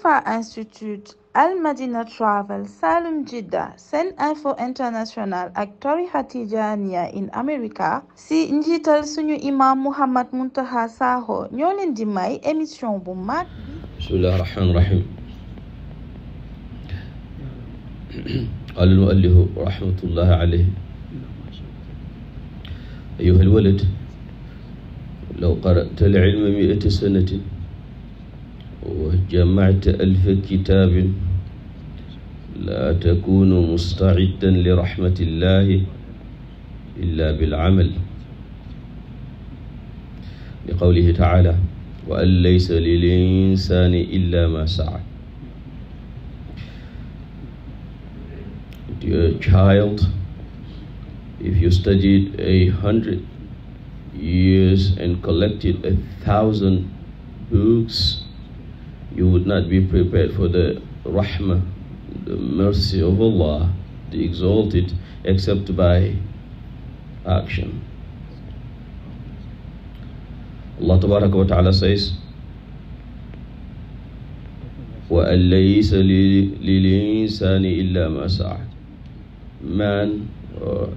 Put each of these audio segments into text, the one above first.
ITFA Institute Al Madina si suñu imam Muhammad Muntaha Sakho ñoo may émission bu mag bi bismillahi rahmaani rahim قال المؤلف رحمة الله عليه أيها وجمعت ألف كتاب لا تكون مستعدا لرحمة الله إلا بالعمل لقوله تعالى وأن ليس للإنسان إلا ما سعى Dear child, if you studied a hundred years and collected a thousand books, you would not be prepared for the rahmah, the mercy of Allah, the exalted, action. Allah tabaraka wa ta'ala says, وأن ليس للإنسان إلا ما سعى man or uh,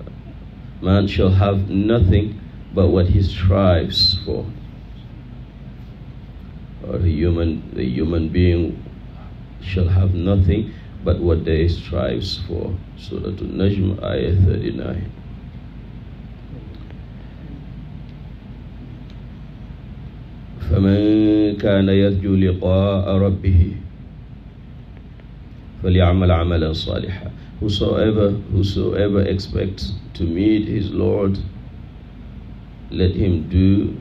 man shall have nothing but what he strives for or uh, the human, the human being shall have nothing but what they strives for. Surah An-Najm, Ayah 39. فمن كان يرجو لقاء ربه فليعمل عملا صالحا whosoever whosoever expects to meet his Lord let him do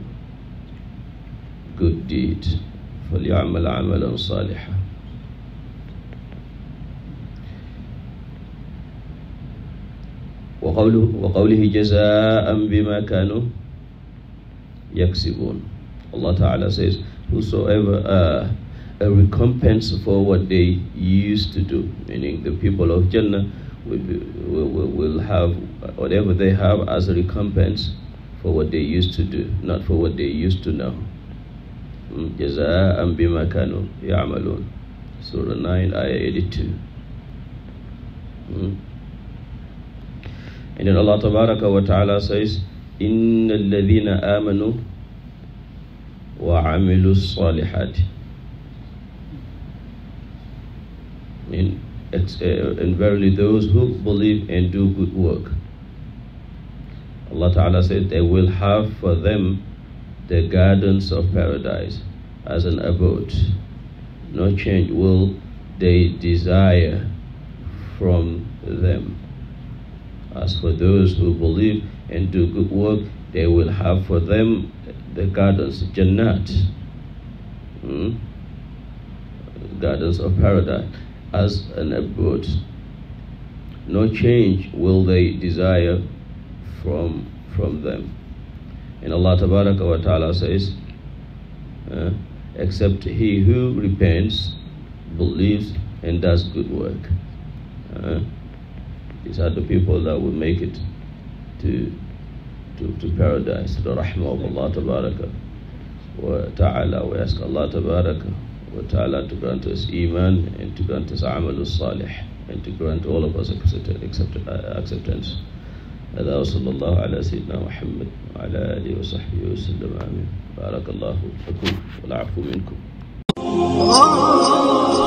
good deeds falyaamal amalan saaliha wa qawlu wa qawlihi jazaan bima kaanu yaksibun Allah Ta'ala says whosoever uh, a recompense for what they used to do meaning the people of Jannah will, will, will have whatever they have as a recompense for what they used to do not for what they used to know jazaan bima kanu yaamaluun surah nine aya eighty-two hmm? and then allah tabaraka wa taala says inna alladina amanu wa amilu salihati and, uh, and verily those who believe and do good work allah taala said they will have for them the gardens of paradise as an abode. No change will they desire from them. As for those who believe and do good work, they will have for them the gardens, Jannat, hmm? gardens of paradise, as an abode. No change will they desire from them. And Allah Ta'ala says, uh, except he who repents, believes, and does good work. Eh, the people that will make it to, paradise, the rahmah of Allah Tabaraka wa Ta'ala. We ask Allah Tabaraka to grant us Iman and to grant us Amalus Salih and to grant all of us acceptance. hada wa sallallahu ala sayyidina muhammad wa ala alihi wa sahbihi wa sallam amin barakallahu lakum wal afu minkum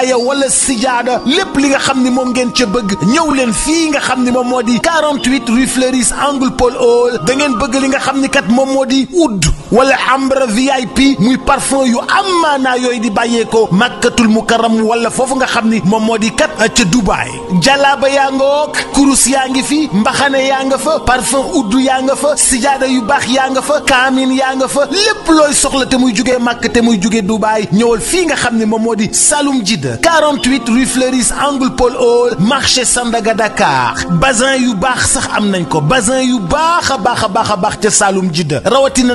ataaya wala sijaada lépp li nga xam ni moom ngeen ca bëgg ñëw leen fii nga xam ni moom moo di 48 rue Fleuris angle Paul Hall dangeen bëgg li nga xam ni kat moom moo di oud wala ambre VIP muy parfum yu am maanaa yooyu di bàyyeekoo màkkatul mukaram wala foofu nga xam ni moom moo di kat ca Dubaay jalaaba yaa nga wook kurus yaa ngi fi mbaxane yaa nga fa parfum udd yaa nga fa sijaada yu baax yaa nga fa kaamin yaa nga fa lépp looy soxla te muy jugee màkk te muy jugee Dubaay ñëwal fii nga xam ni moom moo di Saloum Jidda 48 rue Fleuris angle Paul Hall marché Sandaga Dakar bazin yu baax sax am nañ ko bazin yu baax a baax a baax a baax ca Saloum Jidda rawatina